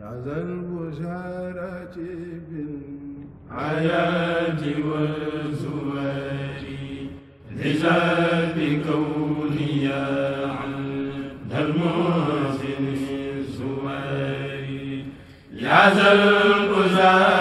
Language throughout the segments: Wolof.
على البشارة بالحياة والزوار لذا بكوني عن المحسن الزوار يا ذا البشارة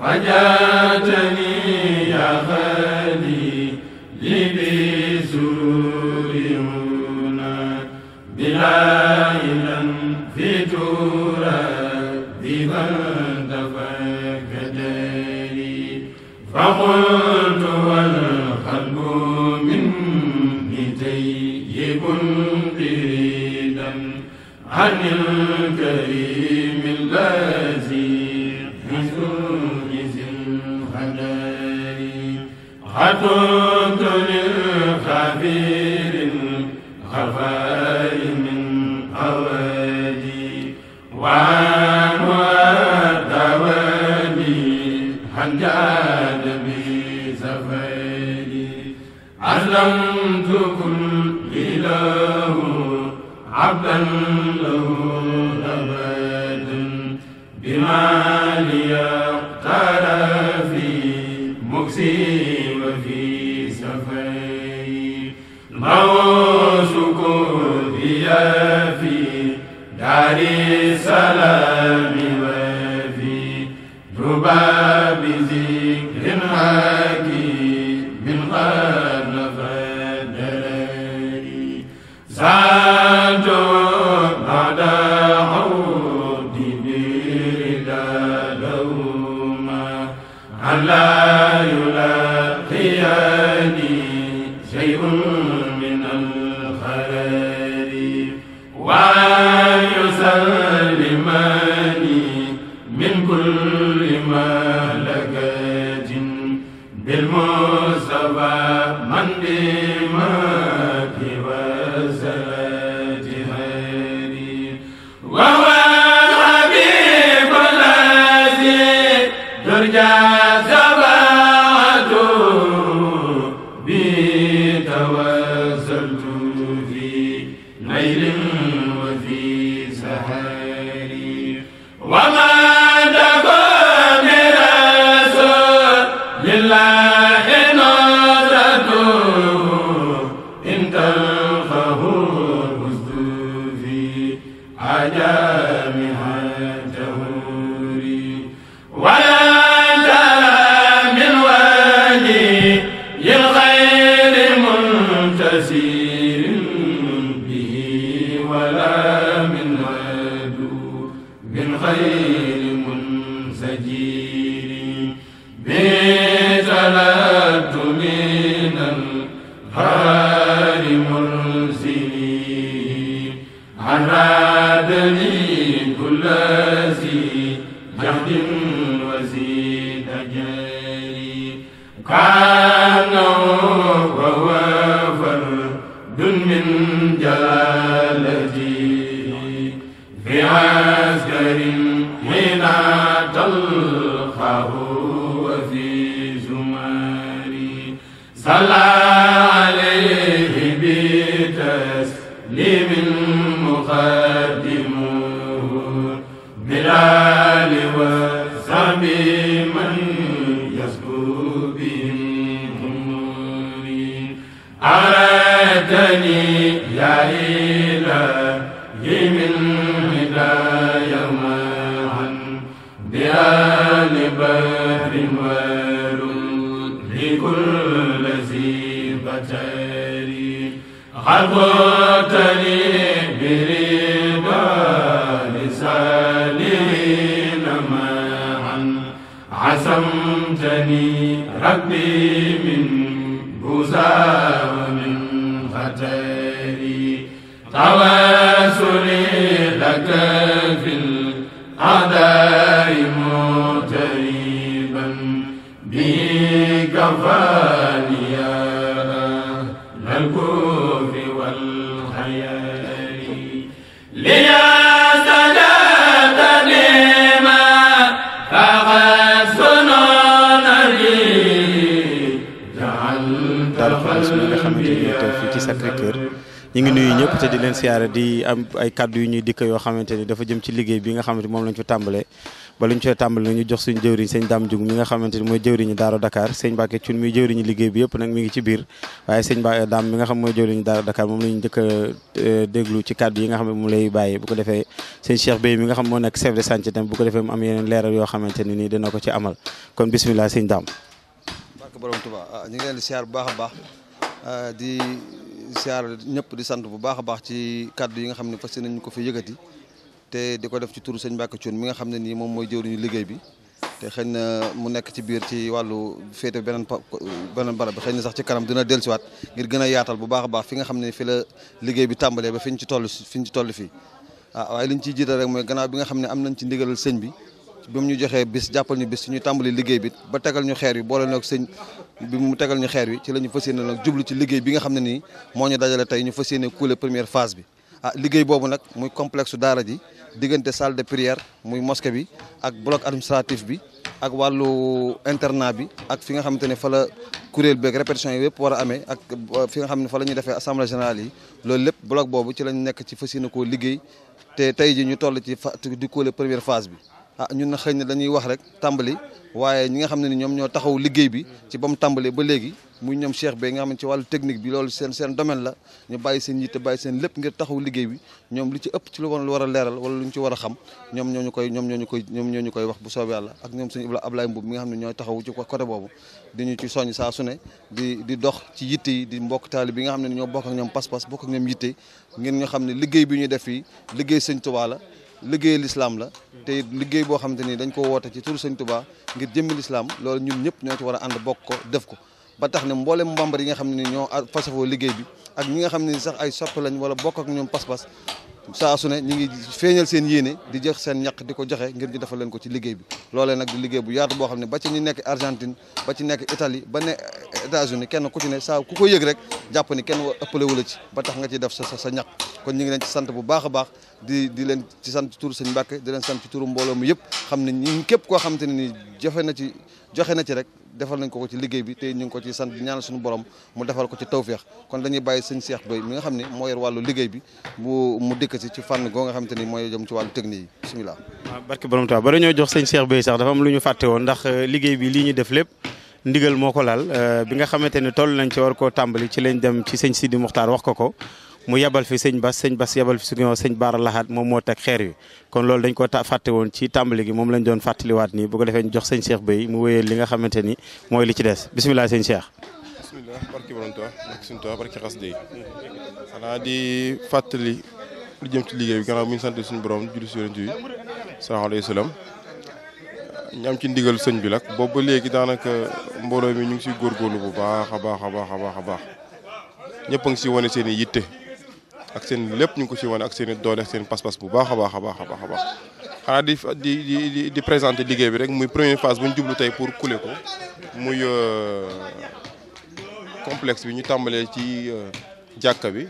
وجاتني يا خير حجاد بي سفيدي علمت كل إله عبدا له أبدا بما لي اقترى في مكسي وفي سفي الموسك بي في دار سلام الجواد شيء بعسكر حين تلقاه وفي زمار صلى عن عصمتني ربي من بوزا ومن غتري تواسلي لك في الأعداء kër ñu ngi nuyu bi nga xamante ni moom lañ fa tàmbalee ba lañ fa tàmbalee ñu jox suñu jëwriñ sëñ Dame Diouf mi nga xamante ni xam mooy jëwriñu Daara Dakar moom lañu njëkk a euh, déglu ci kàddu yi nga xam ne lay bàyyi bu ko defee sëñ Cheikh Bey mi nga xam moo nekk chef de chantier tam bu ko defee mu am yeneen leeral yoo xamante nii dina ko ci amal kon bismillah sëñ Dame ah, a baax ah, siyaar ñëpp di sant bu baax a baax ci kàddu yi nga xam ne fas nañu ko fi yëkkati te di ko def ci turu sëñ Mbacke Thioune mi nga xam ne nii moom mooy jëwriñu liggéey bi te xëy na mu nekk ci biir ci wàllu féete beneen beneen barab bi xëy na sax ci kanam dina dellusiwaat ngir gën a yaatal bu baax a baax fi nga xam ne fi la liggéey bi tàmbalee ba fi ñu ci toll fi ñu ci toll fii waaw waaye li ñu ciy jiital rek mooy gannaaw bi nga xam ne am nañ ci ndigalal sëñ bi bi mu ñu joxee bis jàppal ñu bis suñu tàmbali liggéey bi ba tegal ñu xeer yi boole ñoo ak sëñ bi mu tegal ñu xeer wi ci la ñu fas yéene nag jublu ci liggéey bi nga xam ne nii moo ñu dajale tey ñu fas yéene couler première phase bi ah liggéey boobu nag muy complexe daara ji diggante salle de prière muy mosquée bi ak bloc administratif bi ak wàllu internat bi ak fi nga xamante ne fa la kuréel beeg répétition yi yëpp war a amee ak fi nga xam ne fa la ñuy defee assemblée générale yi loolu lépp bloc boobu ci lañ nekk ci fas yéene koo liggéey te tey ji ñu toll ci di couler première phase bi ah ñun na xëy na dañuy wax rek tàmbali waaye ñi nga xam ne ni ñoom ñoo taxaw liggéey bi ci ba mu tàmbalee ba léegi muy ñoom Cheikh Bey nga xam ne ci wàllu technique bi loolu seen seen domaine la ñu bàyyi seen yitte bàyyi seen lépp ngir taxaw liggéey bi ñoom li ci a leeral wala lu ñu ci war a xam ñoom ñoo ñu koy ñoom ñoo ñu koy koy wax bu soobee yàlla ak ñoom sëñ Ablaye Mbuub mi nga xam ne ñooy taxaw ci côté boobu di ci soññ saa mbokk taali bi nga xam ne ñoo bokk ak ñoom pas-pas bokk ak ñoom yitte ngeen nga ne liggéey bi ñu def fii liggéey sëñ Tuubaa liggéey lislaam la te it liggéey boo xamante ni dañ ko woote ci turu sëñ Tuubaa ngir jëmmi lislaam loolu ñun ñëpp ñoo ci war a ànd bokk ko def ko ba tax na mboolem membre yi nga xam ne ñoo fasafoo liggéey bi ak ñi nga xam ne sax ay sopp lañ wala bokk ak ñoom pas-pas saa su ne ñu ngi feeñal seen yéene di jox seen ñaq di ko joxe ngir ñu defal leen ko ci liggéey bi loolee nag di liggéey bu yaatu boo xam ne ba ci ñu nekk Argentine ba ci nekk Italie ba ne États-Unis kenn ku ci ne saa ku ko yëg rek jàpp ni kenn ëppale la ci ba tax nga ciy def sa sa ñaq kon ñu ngi leen ci sant bu baax a baax di di leen ci sant ci turu sëñ Mbàkke leen sant ci mbooloo mi yëpp xam ne ñi képp koo xam ne ni joxe na ci joxe na ci rek defal nañ ko ko ci liggéey bi tey ñu ngi ko ci sant ñaanal suñu borom mu defal ko ci tawféex kon dañuy bàyyi sëñ Cheikh Doy mi nga xam ne moo yor wàllu liggéey bi bu mu dëkk si ci fànn goo nga xam te ni mooy jëm ci wàllu technique yi bisimilah. waaw barke borom taw ba jox sëñ Cheikh Doy sax dafa am lu ñu fàtte woon ndax euh, liggéey bi lii ñu def lépp ndigal moo ko laal euh, bi nga xamante ne toll nañ ci war koo tàmbali ci lañ dem ci sëñ Sidi Muxtaar wax ko ko mu yebal fi sëñ bas sëñ bas yebal fi suñu sëñ baara laxaat moom moo teg xeer wi kon loolu dañ ko fàtte woon ci tàmbali gi moom lañ doon fàttaliwaat nii bu ko defee ñu jox sëñ Cheikh Bey mu wéyal li nga xamante ni mooy li ci des bisimilah sëñ Cheikh. bisimilah ci borom Tuubaa barki suñu Tuubaa barki xas dey xanaa di fàttali lu jëm ci liggéey bi gannaaw bu ñu sant suñu borom julli si yonent bi sallallahu alayhi wa ci ndigal sëñ bi nag boobu ba léegi daanaka mbooloo mi ñu ngi siy góorgóorlu bu baax a baax a baax a baax ñëpp a ngi si wane seen i yitte ak seen lépp ñu ngi ko ci wane ak seen i doole ak seen pas-pas bu baax a baax a baax a baax xanaa di di di di présenter liggéey bi rek muy première phase bu ñu jublu tey pour couler ko muy euh, complexe bi ñu tàmbalee ci euh, jàkka bi.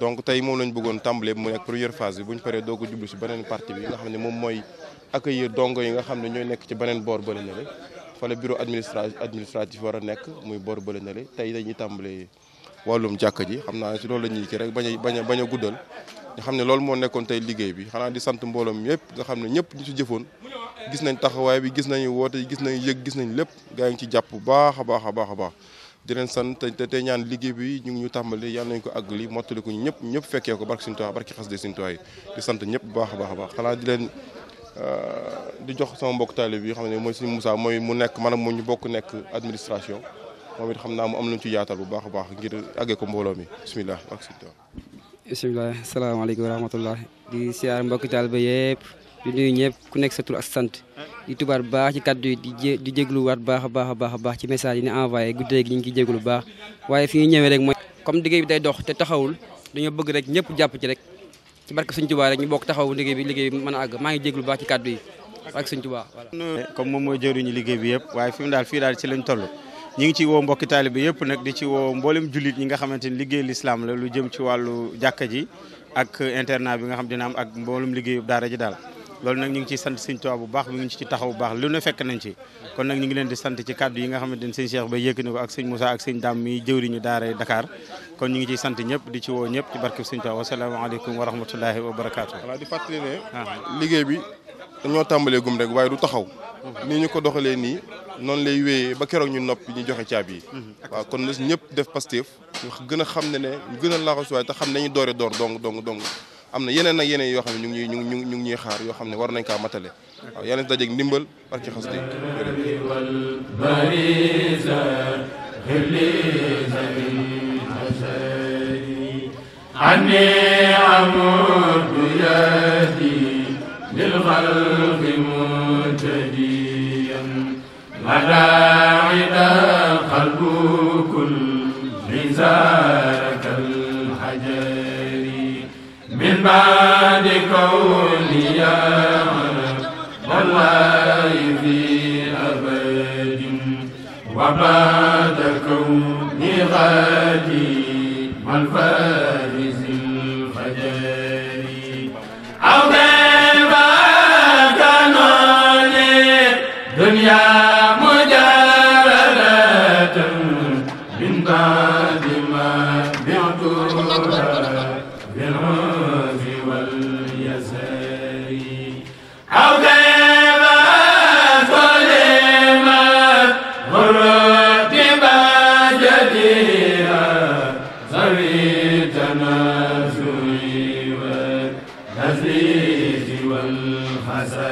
donc tey moom lañ bëggoon tàmbalee mu nekk première phase bi bu ñu paree doog jublu ci beneen partie bi nga xam ne moom mooy accueillir dongo yi nga xam ne ñooy nekk ci beneen boor bële na le fa la bureau administratif administratif war a nekk muy boor bële na le tey dañuy tàmbalee. wallum jàkka ji xam naa si loolu la ñuy kii rek bañ a bañ a bañ a guddal ñu xam ne loolu moo nekkoon tey liggéey bi xanaa di sant mbooloom yëpp nga xam ne ñëpp ñu si jëfoon gis nañ taxawaay bi gis nañu woote gis nañu yëg gis nañ lépp gaa ngi ci jàpp bu baax a baax a baax a baax di leen sant te tey ñaan liggéey bi ñu ñu tàmbali yàlla nañ ko àgg li mottali ko ñëpp ñëpp fekkee ko barki suñu tuwaay barki xas de suñu tuwaay di sant ñëpp bu baax a baax a baax xanaa di leen euh, di jox sama mbokk taale bi xam ne mooy suñu Moussa mooy mu nekk maanaam mu ñu bokk nekk administration moom it xam naa mu am lu mu ci yaatal bu baax a baax ngir àggee ko mbooloo mi bisimilah. bisimilah salaamaaleykum wa rahmatullah di siyaar mbokki taal ba yëpp di nuyu ñëpp ku nekk sa tur ak sant di tubaat baax ci kàddu yi di jé di jégluwaat baax a baax a baax a baax ci message yi ni envoyé guddee gi ñu ngi ciy jéglu baax waaye fi ñu ñëwee rek mooy. comme liggéey bi day dox te taxawul dañoo bëgg rek ñëpp jàpp ci rek ci barke Sëñ Tuubaa rek ñu bokk taxawu liggéey bi liggéey bi mën a àgg maa ngi jéglu baax ci kàddu yi ak Sëñ Tuubaa voilà. comme moom mooy jëriñu liggéey bi yëpp waaye fi mu daal fii daal ci lañ toll ñi ngi ci woo mbokki taalibe yëpp nag di ci woo mboolem jullit ñi nga xamante ni liggéey lislaam la lu jëm ci wàllu jàkka ji ak internat bi nga xam dina am ak mboolem liggéeyu daara ji daal loolu nag ñu ngi ciy sant sëñ Tuubaa bu baax mi ngi ci taxaw bu baax lu ne fekk nañ ci kon nag ñu ngi leen di sant ci kàddu yi nga xamante ni sëñ Cheikh ba yëkk ko ak sëñ Moussa ak sëñ Dame mi jëwriñu daara Dakar kon ñu ngi ciy sant ñëpp di ci woo ñëpp ci barkeb sëñ Tuubaa wasalaamaaleykum wa rahmatullahi wa barakaatu. di fàttali ne ah. liggéey bi dañoo tàmbalee gum rek waaye du taxaw. nii ñu ko doxalee nii noonu lay wéyee ba keroog ñu nopp ñu joxe caab yi. waaw kon nag ñëpp def Pastef ñu gën xam ne ne ñu gën a laaxas waaye te xam nañu doore door dong dong dong am na yeneen ak yeneen yoo xam ne ñu ngi ñu ngi ñu ñuy xaar yoo xam ne war nañ kaa matale. waaw yàlla na dajeeg ndimbal parce que xas dégg. للخلق منتديا مدى عدا قلب كل زارك الحجر من بعد كوني يا والله في أبد وبعد كوني غادي والفاتح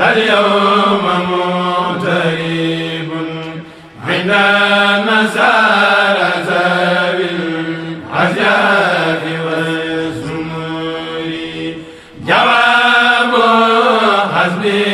اليوم مغترب عند مسار ذوي العزياء والسمور جواب حزبي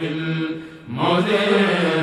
بالمدير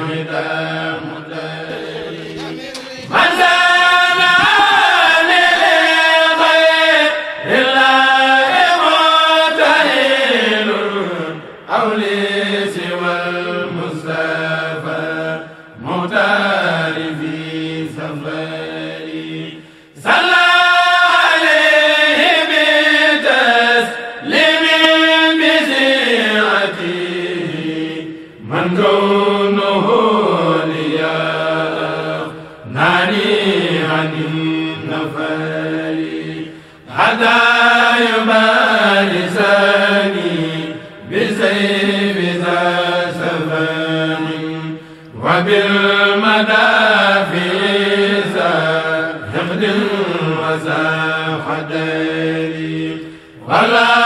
المدافيس حقد وزاف حدري ولا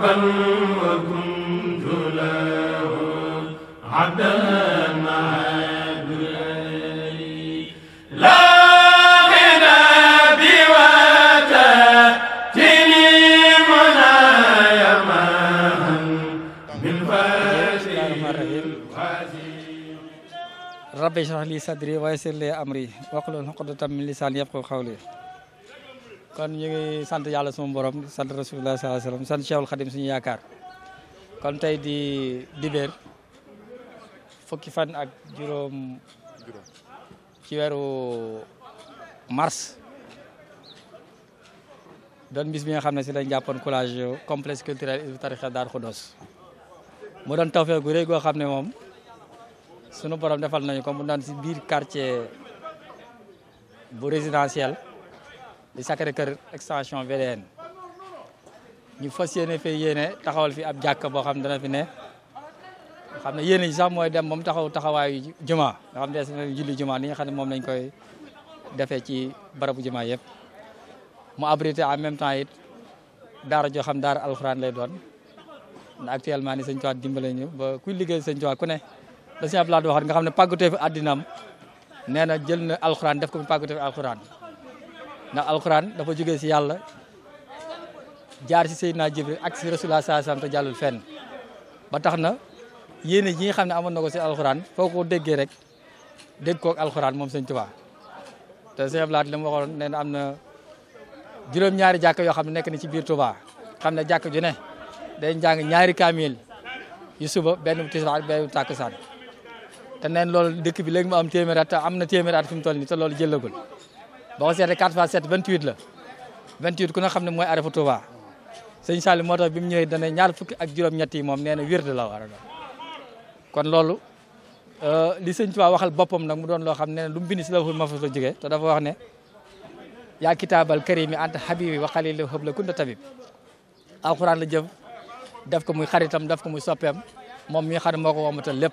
وكنت له عبدا مع دلالي ربي اشرح لي صدري ويسر لي امري واقل عقدة من لساني يبقوا قولي kon ñu ngi sant yalla suma borom sant rasulullah sallallahu Alaihi wasallam sant cheikhul khadim suñu yaakaar kon tay di Diber, fukki fan ak juróom ci wéru mars Don bis bi nga xam ci lañ jappon collage complexe culturel isbu tarixa dar khodos mo don tawfeex gu reey go mom suñu borom defal nañ ko mu doon ci bir quartier bu résidentiel di Sacré-Cœur extension VDN ñu fas yéene fee yéene taxawal fi ab jàkk boo xam ne dana fi ne xam ne yéene ji sax mooy dem moom taxaw taxawaayu juma nga xam ne des julli jumaa ni nga xam ne moom lañ koy defee ci barabu jumaa yëpp mu abrité en même temps it daara joo xam daar alxuraan lay doon ndax actuellement ni sëñ Tuubaa dimbale ñu ba kuy liggéey sëñ Tuubaa ku ne da sëñ Abdu Lahat nga xam ne pàggatee fi addinaam nee na jël na alxuraan def ko pàggatee fi alxuraan ndax alxuraan dafa jógee si yàlla jaar si Seydina Jibril ak si Rasulullah sallallahu alayhi wasallam te jàllul fenn ba tax na yéene ji nga xam ne amoon na ko si alxuraan foo ko déggee rek dëgg kook alxuraan moom sëñ Tuubaa te sëñ Ablaat li mu waxoon nee na am na juróom-ñaari jàkk yoo xam ne nekk na ci biir Tuubaa xam ne jàkk ju ne day jàng ñaari kaamil yu suba benn tisbaar benn tàkkusaan te neen loolu dëkk bi léegi mu am téeméer at te am na téeméer at fi mu toll nii te loolu jëllagul boo ko seetee 4 x 7 28 la 28 ku nga xam ne mooy a Touba sëñ Saliou moo tax bi mu ñëwee dana ñaar fukki ak juróom-ñett moom nee na wird la war a doon kon loolu euh, li sëñ Touba waxal boppam nag mu doon loo xam ne lu mu bind si lawhul mahfuz la jógee te dafa wax ne yaa kitaabal karimi anta habibi wa xalilu hëbla kunta tabib alxuraan la jëm def ko muy xaritam def ko muy soppeem moom mi xam ne moo ko womatal lépp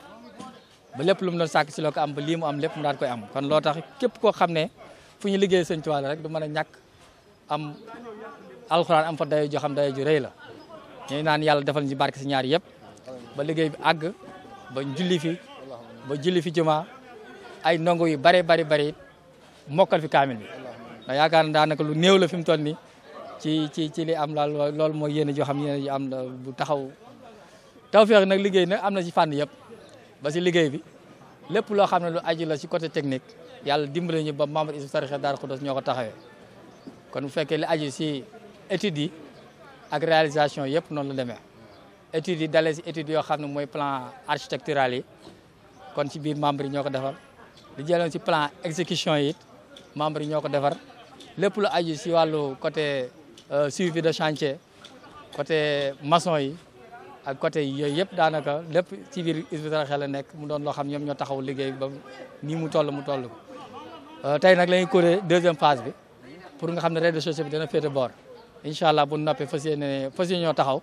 ba lépp lu mu doon si loo am ba lii lépp mu daan am kon loo tax képp koo xam ne fu ñu liggéey sëñ Tuubaa rek du mën a ñàkk am alxuraan am fa dayo xam dayo ju la ñuy naan yàlla defal ñu barke si ñaar yëpp ba liggéey bi àgg ba julli fi ba julli fi jumaa ay ndongo yu bare bari bari mokkal fi kaamil bi ndax yaakaar na daanaka lu néew la fi mu toll ni ci ci ci li am laal loolu mooy yéen joo xam yéen am bu taxaw tawfeex nag liggéey na am na ci fànn yëpp ba si liggéey bi lépp loo xam ne lu aju la si côté technique yàlla dimbale ñu ba membre Hizbut Tarqiyyah Darou Khoudoss ñoo ko taxawee kon bu fekkee li aju si études yi ak réalisation yëpp noonu la demee études yi dalee si études yoo xam ne mooy plan architectural yi kon si biir membre yi ñoo ko defar li jëloon si plan exécution yi it membre yi ñoo ko defar lépp lu aju si wàllu côté euh, suivi de chantier côté maçon yi ak côté yooyu yëpp daanaka lépp ci biir Hizbut Tarqiyyah la nekk mu doon loo xam ñoom ñoo taxaw liggéey ba nii mu toll mu toll ko Euh, tey nag la ñuy deuxième phase bi pour nga xam ne rez de bi dana féete boor incha allah bu noppee fas yéene fas yéene ñoo taxaw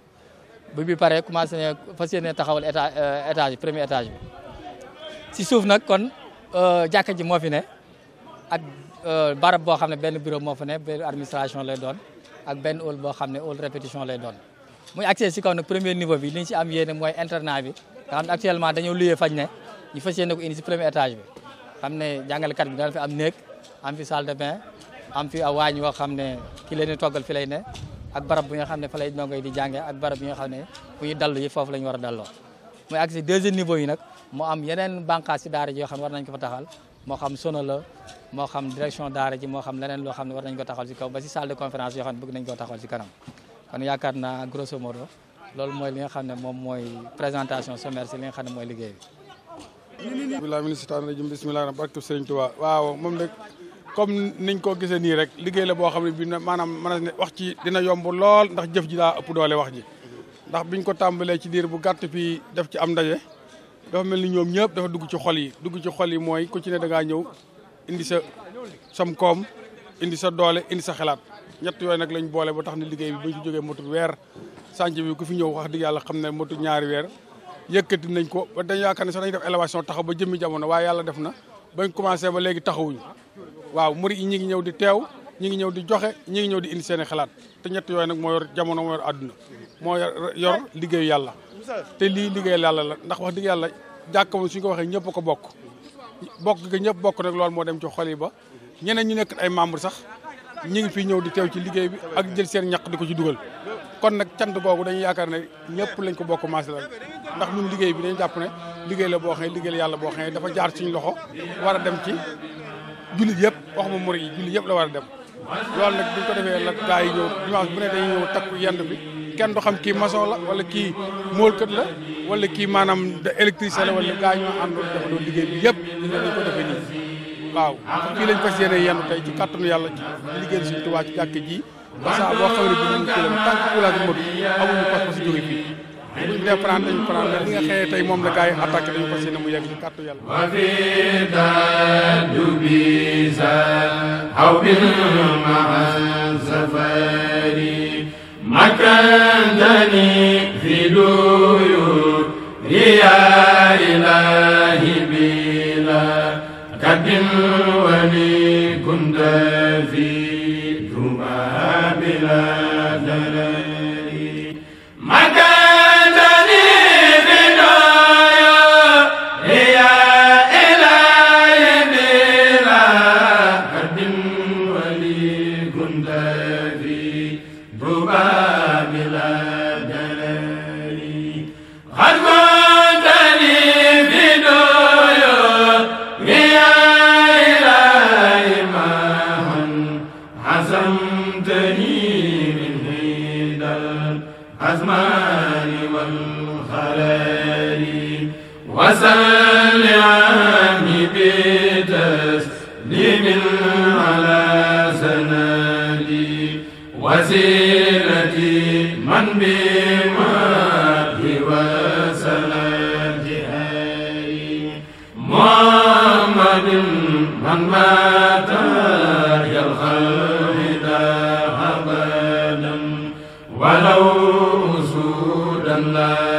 bu bi pare commencé ne fas yéene taxawal étage euh, étage premier étage bi si suuf nag kon euh, jàkka ji moo fi ne ak barab boo xam ne benn bureau moo fa ne benn administration lay doon ak benn hall boo xam ne hall répétition lay doon muy accès si kaw nag premier niveau bi li ñu si am yéene mooy internat bi nga xam ne actuellement dañoo luyee ne ñu fas yéene ko indi bi xam ne jàngalekat bi dana fi am néeg am fi salle de bain am fi aw waañ xam ne ki leen toggal fi ne ak barab bi xam ne fa lay ndongo yi ak barab bi xam ne bu ñu dallu yi foofu la ñu war a dalloo mooy ak si deuxième niveau yoo xam ne war nañ ko fa taxal moo xam sono la moo xam direction li ne xam ne mooy liggéey bilaay min sitaani rajim bisimilah barke sëriñ Tuubaa waaw moom nag comme niñ koo gisee nii rek liggéey la boo xam ne bii bi maanaam mën ne wax ci dina yomb lool ndax jëf ji daa ëpp doole wax ji ndax biñ ko tàmbalee ci diir bu gàtt fii def ci am ndaje dafa mel ni ñoom ñëpp dafa dugg ci xol yi dugg ci xol yi mooy ku ci ne da ngaa ñëw indi sa sam koom indi sa doole indi sa xalaat ñett yooyu nag lañ boole ba tax ne liggéey bi buñ ci jógee motu weer sànc bi ku fi ñëw wax dëgg yàlla xam ne motu ñaari weer yëkkati nañ ko ba dañu yaakaar ne sax dañuy def élévation taxaw ba jëmmi jamono waaye yàlla def na bañ commencé ba léegi taxawuñu waaw mu yi ñi ngi ñëw di teew ñi ngi ñëw di joxe ñi ñëw di indi seeni xalaat te ñett yooyu nag moo yor jamono moo yor àdduna moo yor liggéeyu yàlla te lii liggéey yàlla la ndax wax dëgg yàlla jàkka moom suñu ko waxee ñëpp ko bokk bokk ga ñëpp bokk nag loolu moo dem ci xol yi ba ñeneen ñu nekk ay membre sax ñi ngi fi ñëw di teew ci liggéey bi ak jël seen ñaq di ko ci dugal kon nag cant googu dañuy yaakaar ne ñëpp lañ ko bokk maas la ndax ñun liggéey bi dañu jàpp ne liggéey la boo xam ne liggéey la yàlla boo xam ne dafa jaar suñu loxo war a dem ci jullit yëpp waxuma murid yi jullit yëpp la war a dem loolu nag buñ ko defee la gaa yi ñëw dimanche bu ne dañuy ñëw yenn bi kenn du xam kii maçon la wala kii moolkat la wala kii maanaam de la wala gaa yi ñoo àndoon defandoo liggéey yëpp ko defee nii waaw fii lañ fas yéene yenn tey ci kàttanu yàlla ci liggéey suñu Tuubaa ci jàkk ji massa boo xam ne bii moom kii la tant que village bi motul amuñu pas pas jóge fii buñ dee prendre dañu prendre li nga xëyee tey moom la gars yi attaqué dañu fas yéene mu yegg ci kàttu yàlla. wa fi daadu bi sa aw bi ma safari makandani fi duyu riya ilahi bila kadin wali kunda fi la la la ولو سودا لا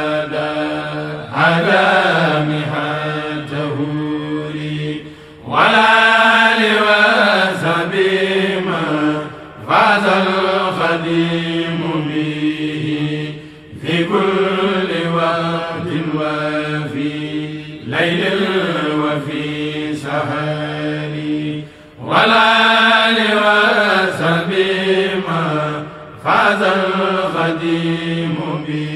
عليم به